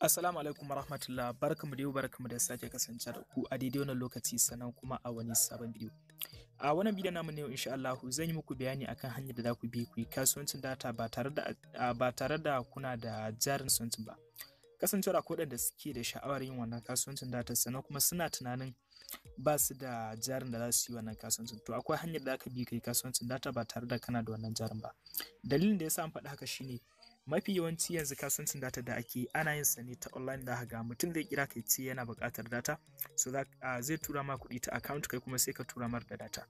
Assalamu alaikum warahmatullah barkamu da yau barkamu da sake kasance da ku a daidai wannan lokaci sannan kuma a wani sabon bidiyo. A wannan bidiyon namu ne insha Allah zan yi muku bayani akan hanyar da za ku bi ku yi kasuwancin data ba tare da ba tare da kuna da jarin kasuwancin ba. Kasancewar ko waɗanda suke da sha'awar yin wannan kasuwancin data sannan kuma suna tunanin ba su da jarin da za su yi wannan kasuwancin to akwai hanyar da za ka bi yi kasuwancin data ba tare da kana da wannan jarin ba dalilin da yasa an faɗi haka shine mafi yawanci yanzu kasuwancin data da ake ana yin sa ne ta online da ga mutum zai kira kai ce yana bukatar data so ah, zai tura ma kuɗi ta account kai kuma sai ka tura mar da data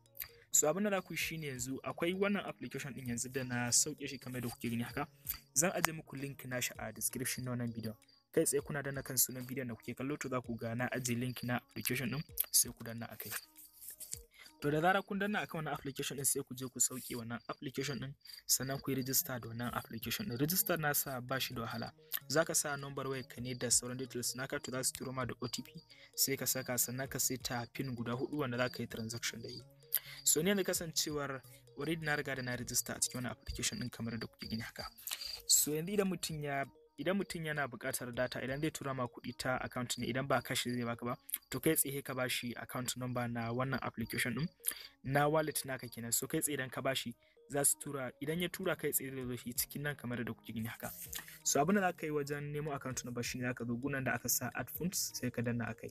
so abin da za ku shine yanzu akwai wannan application din yanzu da na sauke shi kamar da kuke gani haka zan aje muku link na shi a description na wannan bidiyon kai tsaye kuna danna kan sunan bidiyon da kuke kallo to za ku ga na aje link na application din sai ku danna akai to da zarar kun danna akan wannan application din sai ku je ku sauke wannan application din sannan ku yi register da wannan application din register na sa ba shi da wahala zaka sa number waya ka ne da sauran details naka to za su turo ma da OTP sai ka saka sannan ka ta pin guda hudu wanda ka yi transaction da yi so ne da kasancewar already na riga da na register a cikin wannan application din kamar da kuke gani haka so yanzu idan mutum ya idan mutum yana buƙatar data idan zai tura ma kuɗi ta account ne idan ba kashi zai baka ba to kai tsaye ka bashi account number na wannan application din na wallet naka kenan so kai tsaye idan ka bashi za su tura idan ya tura kai tsaye da shi cikin nan kamar da kuke gini haka so abin da zaka yi wajen nemo account number shine zaka zo gunan da aka sa add funds sai ka danna akai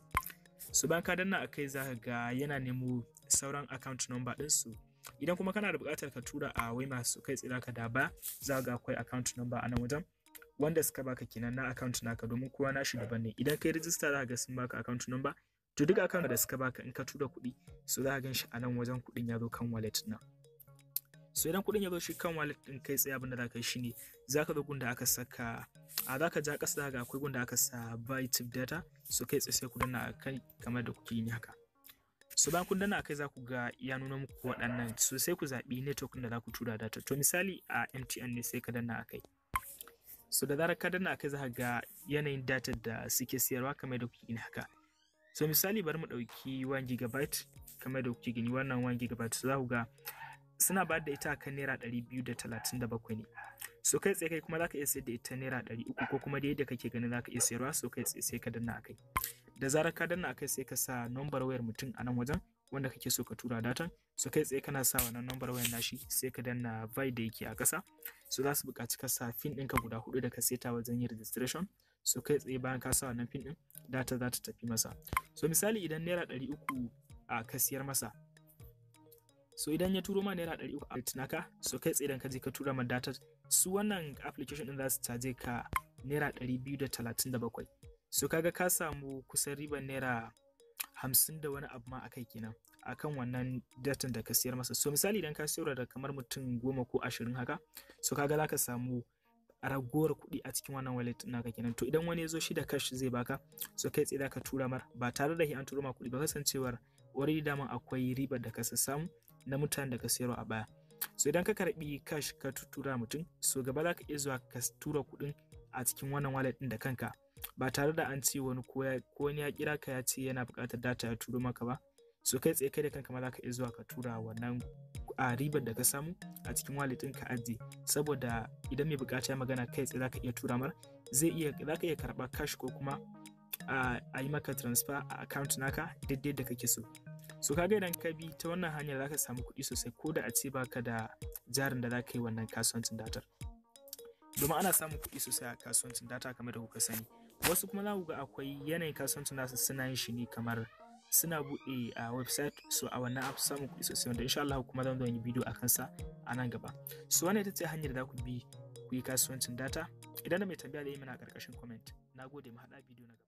so bayan ka danna akai zaka ga yana nemo sauran account number din su idan kuma kana da buƙatar ka tura a wai masu kai tsaye ka da ba za ga akwai account number a nan wajen wanda suka baka kenan na account naka domin kowa na shi daban ne idan kai register za ka ga sun baka account number to duk account da suka baka in ka tura kuɗi so za ka gan a nan wajen kuɗin ya zo kan wallet na so idan kuɗin ya zo shi kan wallet din kai tsaye abin da za ka yi shine za ka zo gunda aka saka a za ka ja ƙasa ga akwai gunda aka sa byte data so kai tsaye sai ku na kai kamar da kuke yi haka so bayan kun danna kai za ku ga ya nuna muku waɗannan so sai ku zaɓi network da za ku tura data to misali a MTN ne sai ka danna akai so da zarar ka danna kai za ga yanayin data da suke siyarwa kamar da kuke gani haka so misali bari mu dauki 1 gigabyte kamar da kuke gani wannan 1 gigabyte za ku ga suna ba da ita kan naira 237 ne so kai tsaye kai kuma zaka iya sayar da ita naira 300 ko kuma da yadda kake ganin zaka iya siyarwa? so kai tsaye sai ka danna akai da zarar ka danna kai sai ka sa number wayar mutum a nan wajen wanda kake so ka tura datan so kai tsaye kana sa wannan number wayar nashi sai ka danna vi da yake a ƙasa so za su buƙaci ka sa fin ɗinka guda hudu da ka seta wajen yin registration so kai tsaye bayan ka sa wannan fin ɗin data za ta tafi masa so misali idan naira ɗari uku a ka siyar masa so idan ya turo ma naira ɗari uku a naka so kai tsaye idan ka je ka tura ma data su wannan application ɗin za su caje ka naira ɗari biyu da talatin da bakwai so kaga ka samu kusan riban naira hamsin da wani abu ma akai kenan akan wannan datan da ka siyar masa so misali idan ka siyar da kamar mutum goma ko ashirin haka so ga za ka samu ragowar kuɗi a cikin wannan wallet naka kenan to idan wani ya zo shi da cash zai baka so kai tsaye ka tura mar ba tare da an turo ma kuɗi ba kasancewar already daman akwai ribar da ka samu na mutane da ka siyarwa a baya so idan ka karbi cash ka tura mutum so gaba za ka iya zuwa ka tura kuɗin a cikin wannan wallet din da kanka ba tare da an ce wani ko wani ya kira ka ya ce yana bukatar data ya turo maka ba so kai tsaye kai da kanka ma za ka iya zuwa ka tura wannan a ribar da ka samu a cikin wallet ɗin ka ajiye saboda idan mai buƙata magana kai tsaye za ka iya tura mar zai iya za ka iya karɓa cash ko kuma a yi maka transfer a account naka daidai da kake so so ga idan ka bi ta wannan hanyar ka samu kuɗi sosai ko da a ce baka da jarin da za ka yi wannan kasuwancin datar domin ana samun kuɗi sosai a kasuwancin data kamar da kuka sani wasu kuma za ku ga akwai yanayin kasuwanci nasu suna yin shi ne kamar suna buɗe a website so a wannan app samun kuɗi sosai wanda insha Allah kuma zan zo yi bidiyo a sa a nan gaba so wannan ita ce hanyar da ku bi ku yi kasuwancin data idan da mai tambaya da yi mana a ƙarƙashin comment na gode mu haɗa bidiyo na gaba